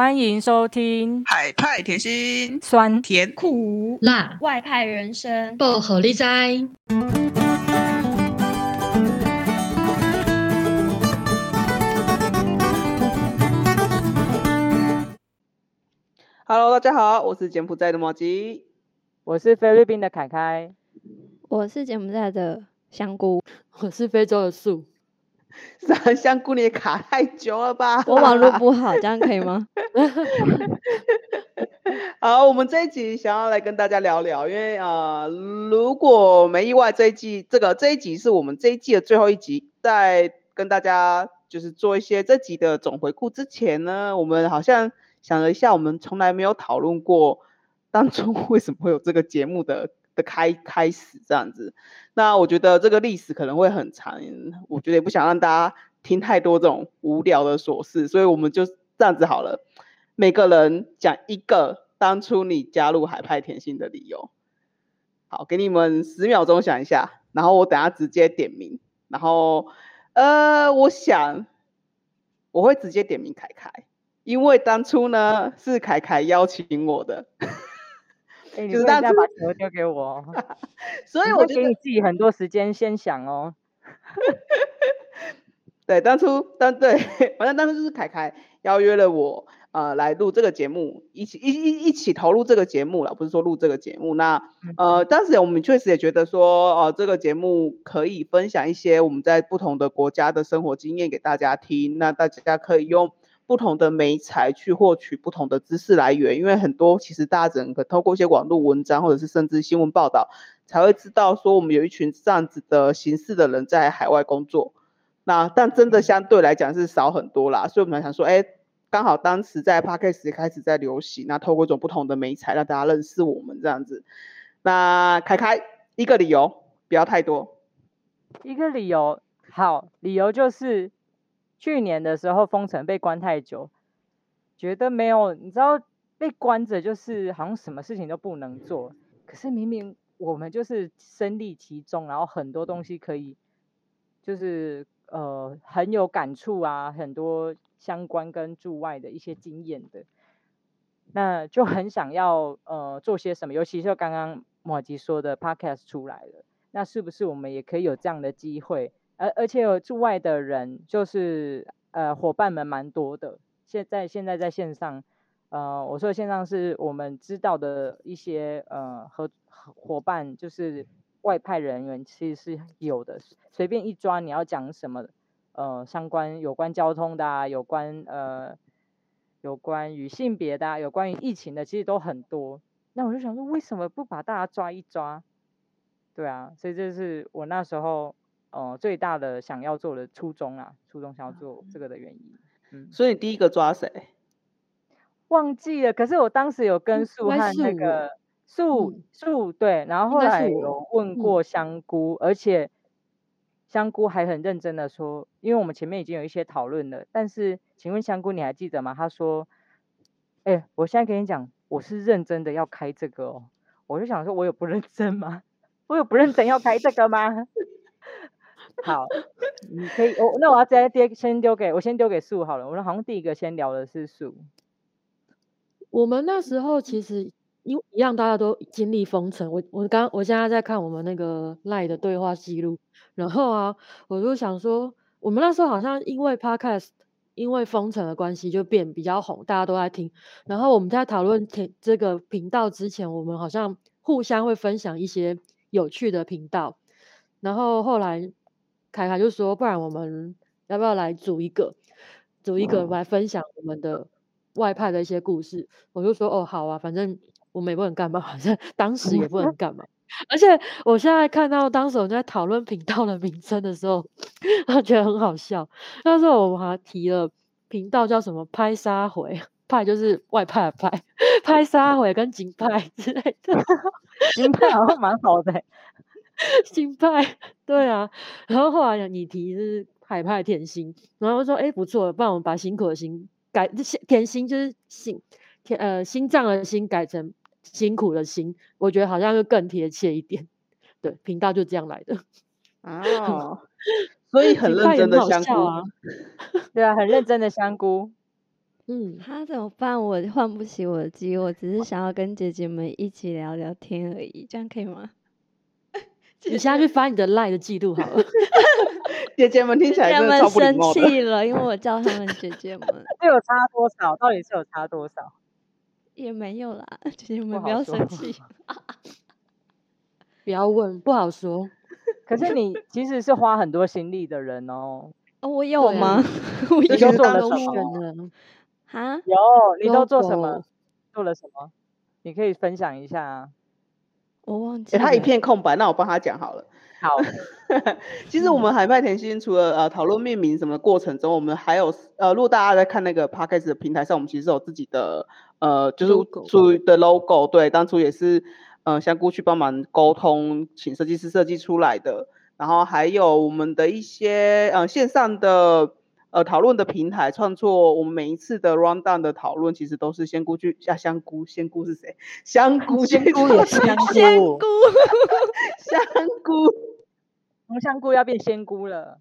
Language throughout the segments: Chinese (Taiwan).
歡迎收聽《海派甜心》酸甜，甜苦辣外派人生，薄荷理在哉。Hello，大家好，我是柬埔寨的莫吉，我是菲律賓的凱凱，我是柬埔寨的香菇，我是非洲的樹。三香菇， 你卡太久了吧？我網絡不好， 這樣可以嗎？ 好，我們這一集想要來跟大家聊聊，因為啊、呃，如果沒意外，這一季這個這一集是我們這一季的最後一集，在跟大家就是做一些這集的總回顧之前呢，我們好像想了一下，我們從來沒有討論過當初為什麼會有這個節目的。的開開始這樣子，那我覺得這個歷史可能會很長，我覺得也不想讓大家聽太多這種無聊的瑣事，所以我們就這樣子好了。每個人講一個當初你加入海派甜心的理由，好，給你們十秒鐘想一下，然後我等下直接點名，然後呃，我想我會直接點名凱凱，因為當初呢是凱凱邀請我的。 就是誒當初把頭丟給我，啊，所以我就給你自己很多時間先想哦。 對，當初，但對，反正當時就是凱凱邀約了我，呃，來錄這個節目，一起一一一起投入這個節目了，不是說錄這個節目。那呃，當時我們確實也覺得說，呃，這個節目可以分享一些我們在不同的國家的生活經驗給大家聽，那大家可以用。不同的媒材去獲取不同的知識來源，因為很多其實大家整個透過一些網絡文章或者是甚至新聞報道，才會知道說我們有一群這樣子的形式的人在海外工作。那但真的相對來講是少很多啦，所以我們想說，哎、欸，剛好當時在 podcast 開始在流行，那透過一種不同的媒材讓大家認識我們這樣子。那凱凱一個理由，不要太多，一個理由好，理由就是。去年的時候封城被關太久，覺得沒有，你知道被關着就是好像什麼事情都不能做。可是明明我們就是身歷其中，然後很多東西可以就是呃很有感觸啊，很多相關跟駐外的一些經驗的，那就很想要呃做些什麼。尤其是剛剛莫吉說的 podcast 出來了，那是不是我們也可以有這樣的機會？而而且有駐外的人就是呃夥伴們蠻多的。現在現在在線上，呃，我說的線上是我們知道的一些呃和夥伴，就是外派人員，其實是有的。隨便一抓，你要講什麼呃相關有關交通的啊，有關呃有關於性別的啊，有關於疫情的，其實都很多。那我就想說，為什麼不把大家抓一抓？對啊，所以這是我那時候。哦，最大的想要做的初衷啊，初衷想要做這個的原因。嗯、所以你第一個抓誰？忘記了，可是我當時有跟樹和那個樹、嗯、對，然後後來有問過香菇，嗯、而且香菇還很認真的說，因為我們前面已經有一些討論了。但是請問香菇你還記得嗎？他說：“哎、欸，我現在跟你講，我是認真的要開這個哦。”我就想說，我有不認真嗎？我有不認真要開這個嗎？ 好，你可以，我、哦、那我要直接丟，先丟給我先丟給樹好了。我說好像第一個先聊的是樹。我們那時候其實因為一樣，大家都經歷封城。我我剛我現在在看我們那個 Line 的對話記錄。然後啊，我就想說，我們那時候好像因為 Podcast 因為封城的關係就變比較紅，大家都在聽。然後我們在討論這個頻道之前，我們好像互相會分享一些有趣的頻道。然後後來。凱凱就說，不然我們要不要來組一個，組一個來分享我們的外派的一些故事？哦、我就說哦，好啊，反正我們也不能幹嘛，反正當時也不能幹嘛。嗯、而且我現在看到當時我們在討論頻道的名稱的時候，我覺得很好笑。那時候我們還提了頻道叫什麼“拍殺回”，派就是外派的派，“拍殺回”跟“警派”之類的，“警派”好像蠻好的、欸。 心派，對啊，然後後來你提就是海派的甜心，然後我就說哎、欸、不錯，不然我們把辛苦的心改甜心就是心呃心臟的心改成辛苦的心，我覺得好像是更貼切一點。對，頻道就這樣來的啊，oh, 所以很認真的香菇， 對啊，很認真的香菇。 嗯，他怎麼辦？我換不起我的機，我只是想要跟姐姐們一起聊聊天而已，這樣可以嗎？你下去翻你的賴的記錄好了， 姐姐們聽起來真的超不禮貌。姐姐們生氣了，因為我叫他們姐姐們， 有差多少？到底是有差多少？也沒有啦，姐姐們不，不要生氣， 不要問，不好說。可是你其實是花很多心力的人哦。哦，我有嗎、欸？ 我以前做了什麼？啊、 哦？蛤有，你都做什麼？You go. 做了什麼？你可以分享一下啊。我忘記、欸、他一片空白，那我幫他講好了。好， 其實我們海派甜心的除了呃討論命名什麼的過程中，我們還有呃，如果大家在看那個 podcast 的平台上，我們其實是有自己的呃，就是初的 logo，對，當初也是呃香菇去幫忙溝通，請設計師設計出來的。然後還有我們的一些呃線上的。呃，討論的平台創作，我們每一次的 run down 的討論，其實都是仙菇去，啊，香菇仙菇是誰？香菇仙菇是香菇，香菇，紅 香，香菇要變仙菇了，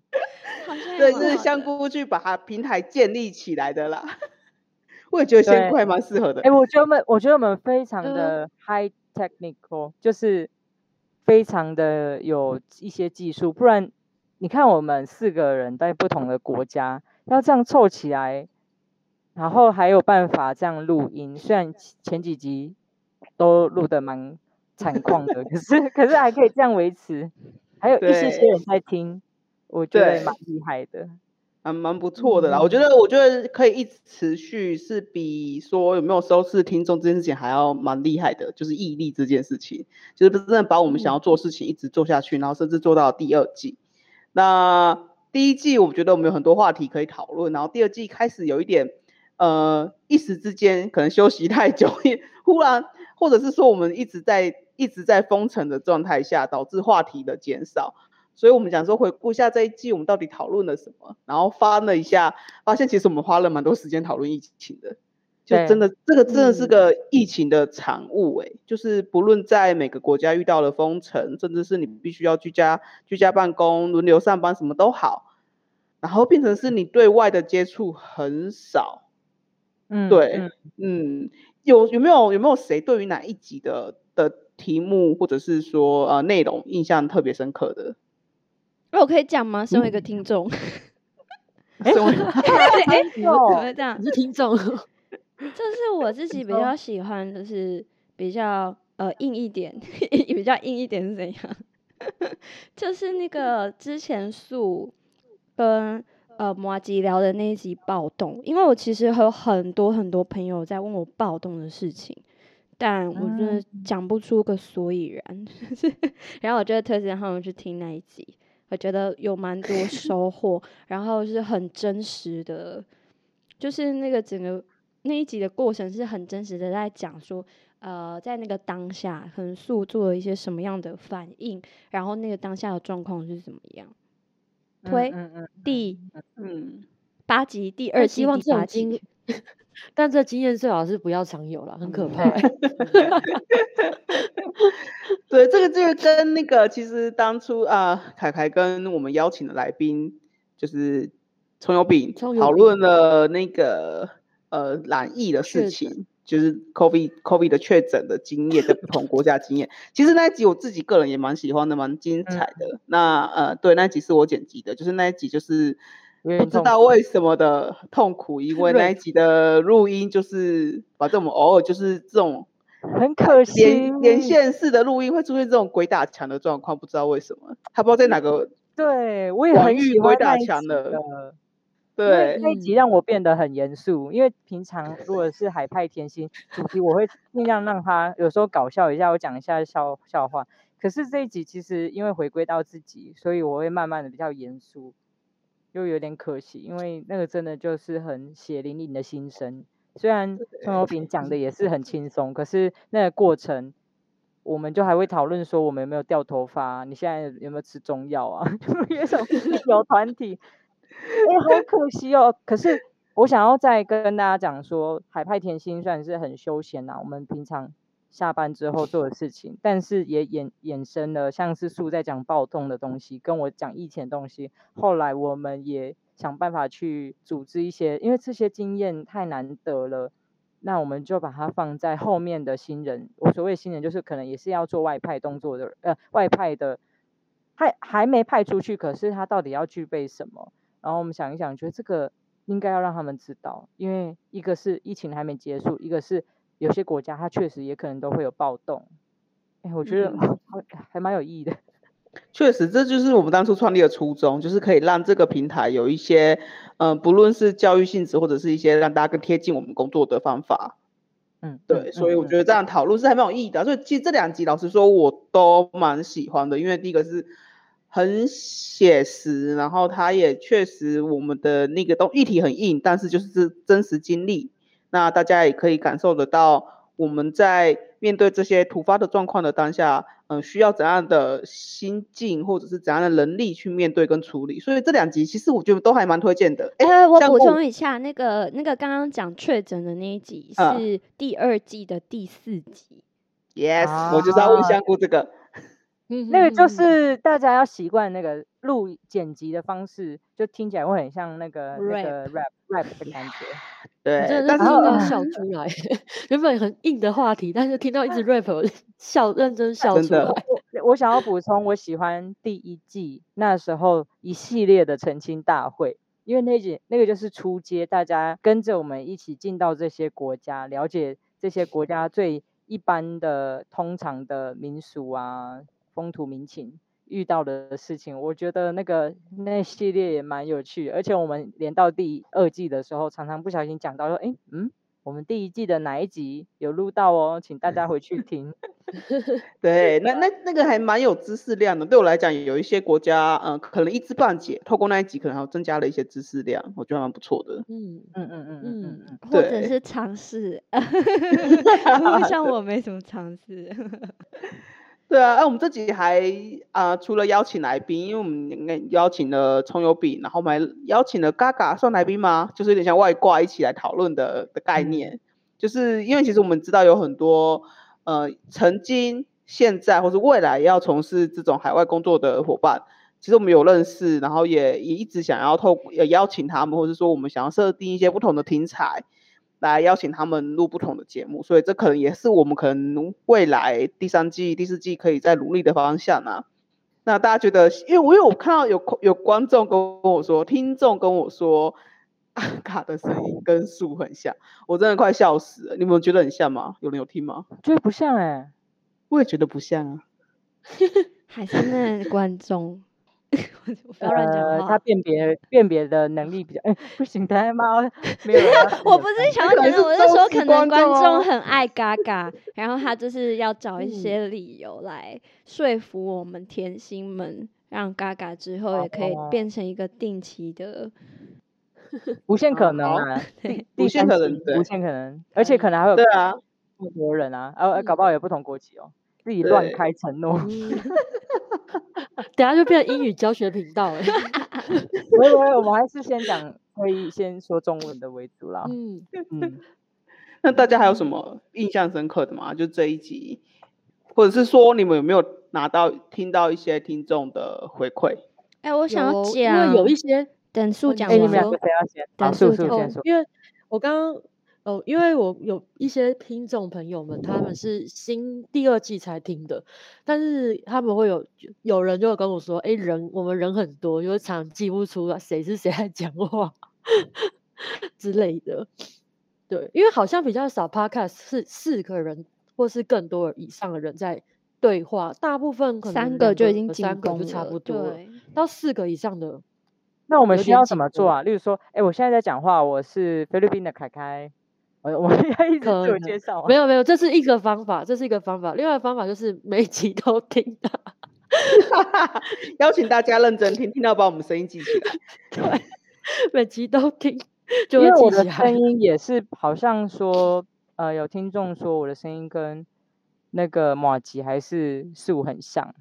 對，是香菇去把它平台建立起來的啦。 我也覺得仙菇還蠻適合的。哎、欸，我覺得我們，我覺得我們非常的 high technical、嗯、就是非常的有一些技術，不然。你看，我們四個人在不同的國家，要這樣湊起來，然後還有辦法這樣錄音。雖然前幾集都錄得蠻慘況的， 可是可是還可以這樣維持，還有一些些人在聽，對我覺得蠻厲害的，還、嗯、蠻不錯的啦。我覺得我覺得可以一直持續，是比說有沒有收視聽眾這件事情還要蠻厲害的，就是毅力這件事情，就是真的把我們想要做事情一直做下去，嗯、然後甚至做到第二季。那第一季，我們覺得我們有很多話題可以討論，然後第二季開始有一點，呃，一時之間可能休息太久，也忽然，或者是說我們一直在一直在封城的狀態下，導致話題的減少，所以我們想說回顧一下這一季我們到底討論了什麼，然後翻了一下，發現其實我們花了蠻多時間討論疫情的。就真的，這個真的是個疫情的產物哎，就是不論在每個國家遇到了封城，甚至是你必須要居家居家辦公、輪流上班，什麼都好，然後變成是你對外的接觸很少。嗯，對，嗯，有有沒有有沒有誰對於哪一集的的題目或者是說呃內容印象特別深刻的？那我可以講嗎？身為一個聽眾。哎，哎，你怎麼會這樣？你是聽眾。就是我自己比較喜歡，就是比較呃硬一點呵呵。比較硬一點是怎樣？ 就是那個之前樹跟呃摩吉聊的那一集暴動，因為我其實有很多很多朋友在問我暴動的事情，但我真的講不出個所以然。嗯、 然後我就特別好他們去聽那一集，我覺得有蠻多收穫， 然後是很真實的，就是那個整個。那一集的過程是很真實的，在講說，呃，在那個當下，可能樹做了一些什麼樣的反應，然後那個當下的狀況是怎麼樣。推，嗯嗯嗯第嗯八集嗯第二集，希望這種經八集 但這經驗最好是不要常有了，很可怕、欸。嗯、 對，這個就是、這個、跟那個，其實當初啊，凱凱跟我們邀請的來賓，就是蔥油餅討論了那個。呃，染疫的事情，是的就是 COVID COVID 的確診的經驗，在不同國家經驗。 其實那一集我自己個人也蠻喜歡的，蠻精彩的。嗯、那呃，對，那一集是我剪輯的，就是那一集就是不知道為什麼的痛苦，因為，痛苦因為那一集的錄音就是，反正我們偶爾就是這種很可惜連連線式的錄音會出現這種鬼打牆的狀況，不知道為什麼，他不知道在哪個對我也很喜歡鬼打牆的對，這一集讓我變得很嚴肅。因為平常如果是海派甜心主題，我會盡量讓他有時候搞笑一下，我講一下笑笑話。可是這一集其實因為回歸到自己，所以我會慢慢的比較嚴肅，又有點可惜。因為那個真的就是很血淋淋的心聲。雖然宋小炳講的也是很輕鬆，可是那個過程，我們就還會討論說，我們有沒有掉頭髮，你現在有，有沒有吃中藥啊？有沒有有團體？哎、 欸，好可惜哦。可是我想要再跟大家講說，海派甜心算是很休閒吶，我們平常下班之後做的事情。但是也衍衍生了，像是樹在講暴動的東西，跟我講疫情的東西。後來我們也想辦法去組織一些，因為這些經驗太難得了，那我們就把它放在後面的新人。我所謂新人，就是可能也是要做外派動作的，呃，外派的還還沒派出去，可是他到底要具備什麼？然後我們想一想，覺得這個應該要讓他們知道，因為一個是疫情還沒結束，一個是有些國家它確實也可能都會有暴動。哎，我覺得還、嗯啊、還蠻有意義的。確實，這就是我們當初創立的初衷，就是可以讓這個平台有一些，嗯、呃，不論是教育性質或者是一些讓大家更貼近我們工作的方法。嗯，對，嗯、所以我覺得這樣討論是還蠻有意義的。對所以其實這兩集老實說，我都蠻喜歡的，因為第一個是，很寫實，然後它也確實我們的那個東議題很硬，但是就是真實經歷，那大家也可以感受得到我們在面對這些突發的狀況的當下，嗯，需要怎樣的心境或者是怎樣的能力去面對跟處理。所以這兩集其實我覺得都還蠻推薦的。哎、欸，香菇，我補充一下，那個那個剛剛講確診的那一集是第二季的第四集。Yes，我就是要問香菇這個。 那個就是大家要習慣那個錄剪輯的方式，就聽起來會很像那個 Rap 那個 rap rap 的感覺。對，但是聽到笑出來，是 原本很硬的話題，但是聽到一直 rap，啊、我笑，認真笑出來。啊、我我想要補充，我喜歡第一季那時候一系列的澄清大會，因為那一集那個就是初階，大家跟着我們一起進到這些國家，了解這些國家最一般的、通常的民俗啊。風土民情遇到的事情，我覺得那個那系列也蠻有趣，而且我們連到第二季的時候，常常不小心講到說，哎、欸，嗯，我們第一季的哪一集有錄到哦，請大家回去聽。 對，那那那個還蠻有知識量的，對我來講，有一些國家，嗯，可能一知半解，透過那一集，可能還增加了一些知識量，我覺得蠻不錯的。嗯嗯嗯嗯嗯，嗯嗯嗯對或者是嘗試，不過 像我沒什麼嘗試。對啊，哎，我們這集還啊、呃，除了邀請來賓，因為我們邀請了蔥油餅，然後還邀請了嘎嘎算來賓嗎？就是有點像外掛一起來討論的的概念。就是因為其實我們知道有很多呃曾經、現在或是未來要從事這種海外工作的夥伴，其實我們有認識，然後也也一直想要透邀請他們，或者說我們想要設定一些不同的題材。來邀請他們錄不同的節目，所以這可能也是我們可能未來第三季、第四季可以再努力的方向啊。那大家覺得，因為我有看到有有觀眾跟我說，聽眾跟我說，阿、啊、卡的聲音跟樹很像，我真的快笑死了。你們覺得很像嗎？有人有聽嗎？覺得不像哎、欸，我也覺得不像啊， 還是那的觀眾。呃，他辨別、辨別的能力比較，哎，不行，貓沒有。我不是想要講，我是說可能觀眾很愛 Gaga，然後他就是要找一些理由來說服我們甜心們，讓 Gaga 之後也可以變成一個定期的無限可能，對，無限可能，無限可能，而且可能還有對啊外國人啊，呃，搞不好有不同國籍哦，自己亂開承諾。 等下就變成英語教學頻道了，所以、 嗯、我們還是先講可以先說中文的為主啦。嗯 嗯，那大家還有什麼印象深刻的嗎？就這一集，或者是說你們有沒有拿到、聽到一些聽眾的回饋？哎、欸，我想要講，因為有一些講、欸、有等速講，哎你們兩個誰要先？等速速先說，因為我剛剛。哦，oh, 因為我有一些聽眾朋友們，他們是新第二季才聽的，但是他們會有有人就會跟我說，哎、欸，人我們人很多，就常記不出來、啊、誰是誰在講話呵呵之類的。對，因為好像比較少，Podcast 是四個人或是更多以上的人在對話，大部分可能人的三個就已經進攻對差不多到四個以上的，那我們需要怎麼做啊？例如說，哎、欸，我現在在講話，我是菲律賓的凱凱。哎， 我們要一直自我介紹、啊。沒有沒有，這是一個方法，這是一個方法。另外一個方法就是每集都聽， 邀請大家認真聽，聽到把我們聲音記住。 對，對每集都聽，就因為我的聲音也是好像說，呃，有聽眾說我的聲音跟那個馬吉還是四很像。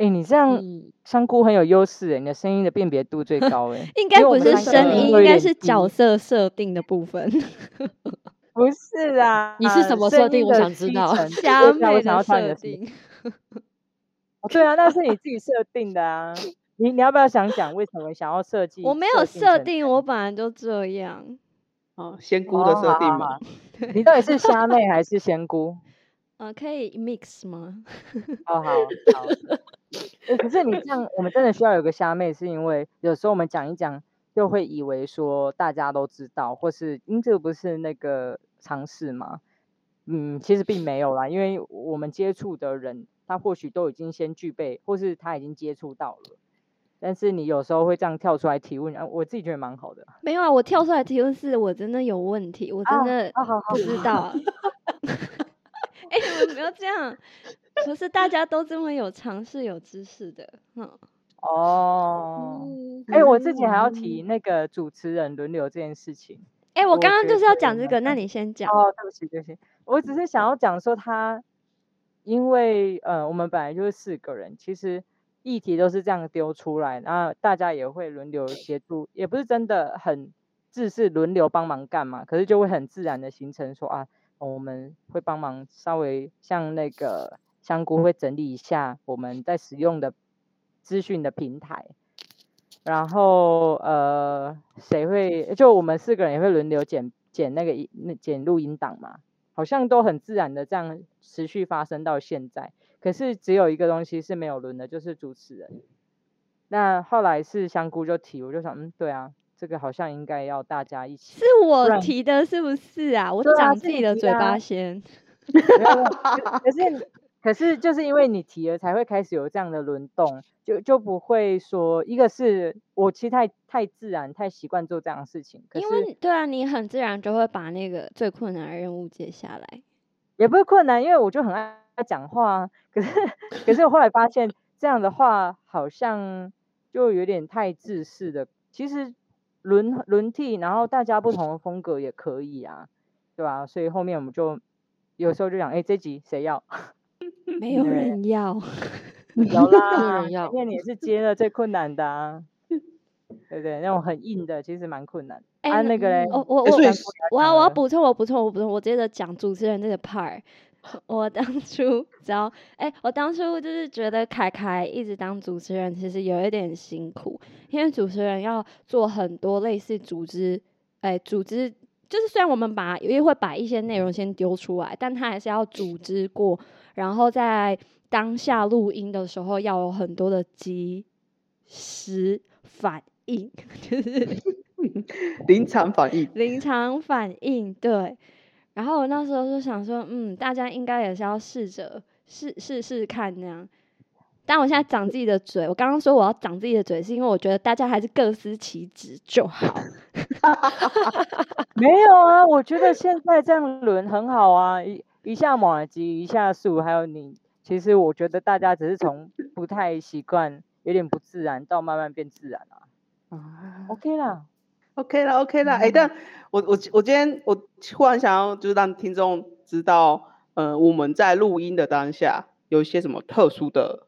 哎、欸，你這樣香菇很有優勢哎，你的聲音的辨別度最高哎、欸， 應該不是聲音，應該是角色設定的部分， 不是啊？啊你是什麼設定？我想知道，蝦妹設定？對啊，那是你自己設定的啊。你你要不要想想為什麼想要設計？ 我沒有設定，設定我本來就這樣。哦、oh，仙姑的設定嗎？Oh, 你到底是蝦妹還是仙姑？呃， uh, 可以 mix 嗎？好 好、oh, 好。好欸、可是你這樣，我們真的需要有個蝦妹，是因為有時候我們講一講，就會以為說大家都知道，或是因為這個不是那個嘗試嗎？嗯，其實並沒有啦，因為我們接觸的人，他或許都已經先具備，或是他已經接觸到了。但是你有時候會這樣跳出來提問，我自己覺得蠻好的。沒有啊，我跳出來提問是我真的有問題，我真的不知道。啊好好好 哎，不、 欸、要這樣！可是大家都這麼有常識、有知識的，嗯？哦，哎，我自己還要提那個主持人輪流這件事情。哎、欸，我剛剛就是要講這個，那你先講。哦，oh, 對不起，對不起，我只是想要講說他。因為呃，我們本來就是四個人，其實議題都是這樣丟出來，然後大家也會輪流協助，也不是真的很自是輪流幫忙幹嘛，可是就會很自然的形成說啊。哦，我們會幫忙稍微像那個香菇，會整理一下我們在使用的資訊的平台，然後呃，誰會就我們四個人也會輪流剪剪那個那剪錄音檔嘛，好像都很自然的這樣持續發生到現在，可是只有一個東西是沒有輪的，就是主持人。那後來是香菇就提，我就想嗯，對啊。這個好像應該要大家一起。是我提的，是不是啊？我打自己的嘴巴先。對啊，是你提的啊。 可是，可是就是因為你提了，才會開始有這樣的輪動，就就不會說一個是我其實太太自然，太習慣做這樣的事情。因為對啊，你很自然就會把那個最困難的任務接下來，也不是困難，因為我就很愛講話。可是可是，我後來發現 這樣的話好像就有點太自私的，其實。輪輪替，然後大家不同的風格也可以啊，對吧、啊？所以後面我們就有時候就想哎、欸，這集誰要？沒有人要， 有啦，沒有人要，因為你是接了最困難的、啊，對，對對？那種很硬的，其實蠻困難。哎、欸啊，那個嘞、哦，我、欸、我我，我要我要補充，我補充我補充，充，充，我接着講主持人那個 part。我當初只要哎，我當初就是覺得凱凱一直當主持人，其實有一點辛苦，因為主持人要做很多類似組織，哎、欸，組織就是雖然我們把也會把一些內容先丟出來，但他還是要組織過，然後在當下錄音的時候要有很多的即時反應，就是臨場反應，臨場反應，對。然後我那時候就想說，嗯，大家應該也是要試着試試試看那樣。但我現在長自己的嘴，我剛剛說我要長自己的嘴，是因為我覺得大家還是各司其職就好。沒有啊，我覺得現在這樣輪很好啊，一一下麻糬，一下樹，還有你，其實我覺得大家只是從不太習慣，有點不自然，到慢慢變自然了，啊。 OK 啦。OK 了，OK 了，嗯，哎，但我我我今天我忽然想要，就是讓聽眾知道，嗯、呃，我們在錄音的當下有一些什麼特殊的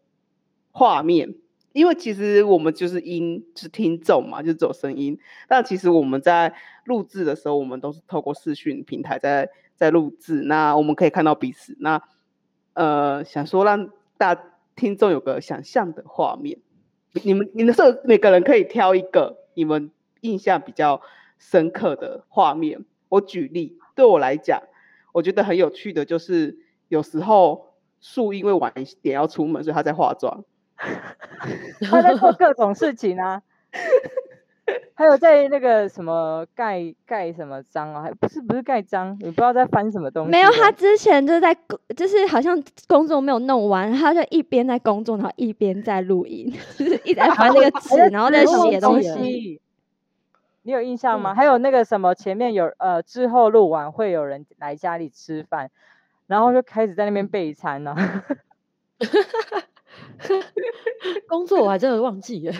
畫面，因為其實我們就是音，是聽眾嘛，就是走聲音。但其實我們在錄製的時候，我們都是透過視訊平台在在錄製，那我們可以看到彼此。那呃，想說讓大聽眾有個想象的畫面，你們你們是每個人可以挑一個，你們。印象比較深刻的畫面，我舉例，對我來講，我覺得很有趣的就是，有時候樹因為晚一點要出門，所以他在化妝，什麼？ 他在做各種事情啊， 還有在那個什麼蓋蓋什麼章啊，還不是不是蓋章，你不知道在翻什麼東西、啊。沒有，他之前就是在就是好像工作沒有弄完，他就一邊在工作，然後一邊在錄音，就是一直在翻那個紙，然後在寫東西。 你有印象嗎？嗯、還有那個什麼，前面有呃，之後錄完會有人來家裡吃飯，然後就開始在那邊備餐了。工作我還真的忘記了。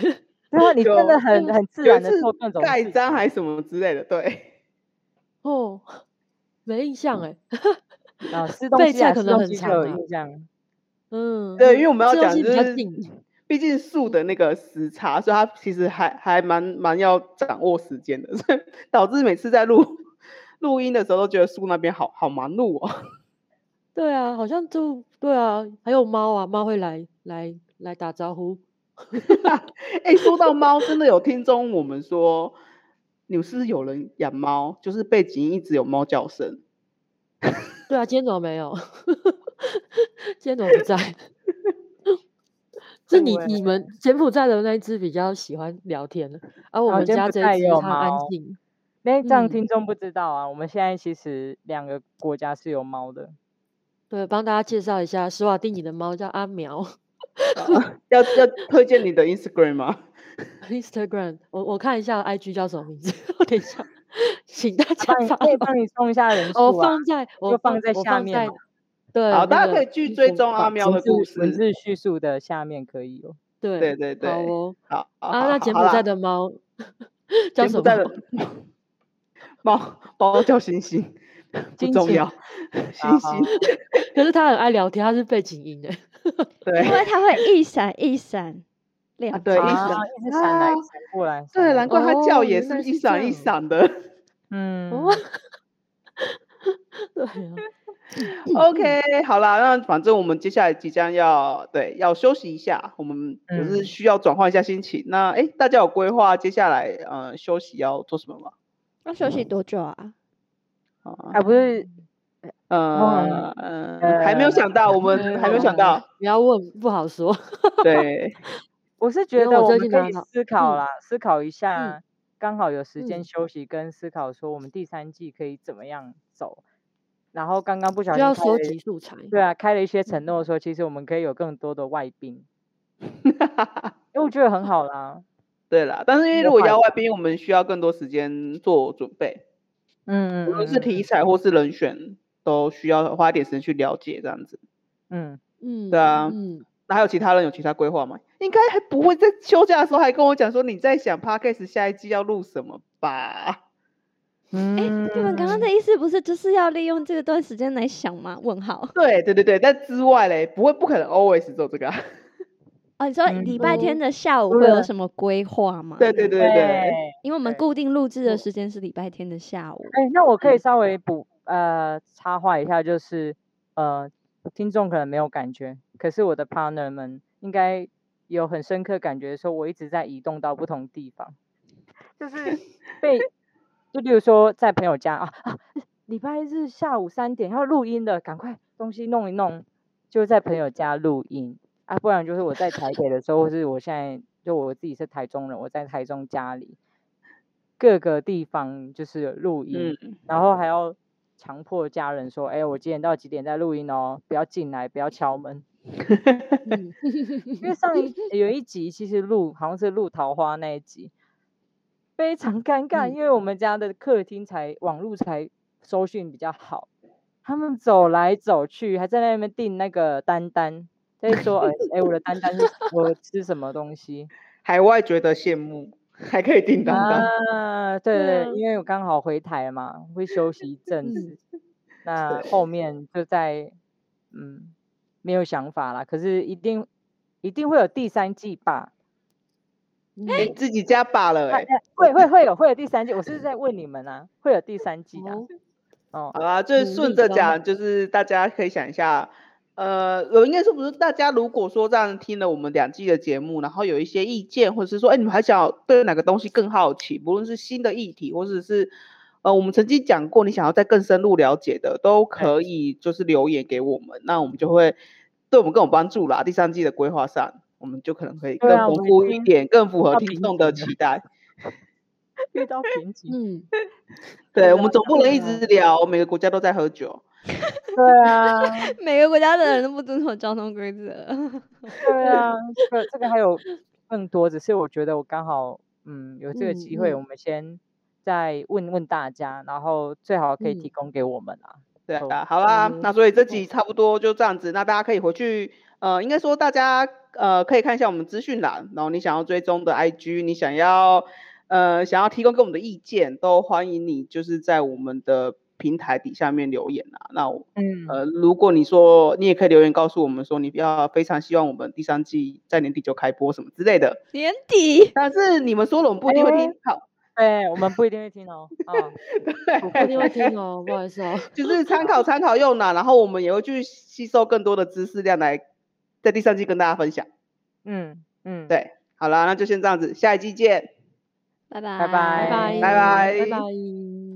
然後、 啊、你真的很 很自然的說那種蓋、嗯就是、章還是什麼之類的，對。哦，沒印象哎。 東西啊，備菜可能很強。嗯，對，因為我們要講、就是。畢竟樹的那個時差，所以它其實還還蠻蠻要掌握時間的，所以導致每次在錄錄音的時候，都覺得樹那邊好好忙碌哦。對啊，好像就對啊，還有貓啊，貓會來來來打招呼。哎、 欸，說到貓，真的有聽眾我們說， 你們是不是有人養貓，就是背景一直有貓叫聲。對啊，今天怎麼沒有， 今天怎麼不在。 是你你們柬埔寨的那一隻比較喜歡聊天，而、啊、我們家這隻它安靜。那這樣聽眾不知道啊，嗯、我們現在其實兩個國家是有貓的。對，幫大家介紹一下，施瓦蒂尼的貓叫阿苗。啊、要要推薦你的 Instagram 嗎？Instagram，我我看一下 IG 叫什麼名字，等一下，請大家可以幫你送一下人數、啊、放在我放在下面。對，好，大家可以去追蹤阿喵的故事。文字敘述的下面可以有，對對對。好，那柬埔寨的貓叫什麼？貓貓叫星星，不重要。星星，可是它很愛聊天，它是背景音的。對，因為它會一閃一閃亮，對，一閃一閃來一閃過來。對，難怪它叫也是一閃一閃的。嗯。對。OK，好啦，那反正我們接下來即將要對要休息一下，我們就是需要轉換一下心情。那哎，大家有規劃接下來呃休息要做什麼嗎？要休息多久啊？還不是呃呃，還沒有想到，我們還沒有想到。你要問不好說。對，我是覺得我們可以思考啦，思考一下，剛好有時間休息跟思考，說我們第三季可以怎麼樣走。然後剛剛不小心要收集素材，對啊，開了一些承諾說，其實我們可以有更多的外賓， 因為我覺得很好啦， 對啦。但是因為如果邀外賓， 我們需要更多時間做準備，嗯如無論是題材或是人選，都需要花一點時間去了解這樣子，嗯、啊、嗯嗯，對啊，嗯。那還有其他人有其他規劃嗎？應該還不會在休假的時候還跟我講說你在想 Podcast 下一季要錄什麼吧？哎，你們、嗯欸、剛剛的意思不是就是要利用這個段時間來想嗎？問號。對對對對，但之外嘞，不會不可能 always 做這個啊。啊、哦，你說禮拜天的下午會有什麼規劃嗎？對對，對對對對，因為我們固定錄製的時間是禮拜天的下午。哎、嗯欸，那我可以稍微補呃插話一下，就是呃聽眾可能沒有感覺，可是我的 partner 們應該有很深刻感覺，說我一直在移動到不同地方，就是被。就比如說在朋友家啊啊，禮拜日下午三點要錄音的，趕快東西弄一弄，就在朋友家錄音啊，不然就是我在台北的時候，或是我現在就我自己是台中人，我在台中家裡各個地方就是錄音，嗯、然後還要強迫家人說，哎、欸，我今天到幾點在錄音哦，不要進來，不要敲門， 因為上一、欸、有一集其實錄好像是錄桃花那一集。非常尷尬，因為我們家的客廳才網絡才收訊比較好。他們走來走去，還在那邊訂那個丹丹，在說哎、 欸欸、我的丹丹是，我吃什麼東西？海外覺得羨慕，還可以訂丹丹。對對，對，嗯、因為我剛好回台嘛，會休息一陣子。 那後面就在嗯，沒有想法了。可是一定一定會有第三季吧。你、欸、自己加把了哎、欸，會會會有會有第三季， 我是在問你們啊，會有第三季的、啊。哦，好啦、啊，就順着講，嗯、就是大家可以想一下，呃，我應該是不是大家如果說這樣聽了我們兩季的節目，然後有一些意見，或者是說，哎、欸，你們還想要對哪個東西更好奇，不論是新的議題，或者是呃，我們曾經講過你想要再更深入了解的，都可以就是留言給我們，欸、那我們就會對我們更有幫助啦。第三季的規劃上。我們就可能會更豐富一點，啊、更符合聽眾的期待。遇到瓶頸， 嗯、對，我們總不能一直聊，每個國家都在喝酒。對啊， 每個國家的人都不遵守交通規則。對啊，這個 這個還有更多，只是我覺得我剛好嗯有這個機會，嗯、我們先再問問大家，然後最好可以提供給我們啊。嗯、對啊，好啊，嗯、那所以這集差不多就這樣子，那大家可以回去。呃，應該說大家呃可以看一下我們資訊欄，然後你想要追蹤的 IG，你想要呃想要提供給我們的意見，都歡迎你就是在我們的平台底下面留言啊。那我嗯呃，如果你說你也可以留言告訴我們說你要非常希望我們第三季在年底就開播什麼之類的。年底？但是你們說了我們不一定會聽好，欸。好，哎，我們不一定會聽哦。啊， 對 不一定會聽哦，不好意思，啊，就是參考參考用啦，啊，然後我們也會去吸收更多的知識量來在第三季跟大家分享嗯。嗯嗯，對，好了，那就先這樣子，下一季見，拜拜拜拜拜拜拜拜。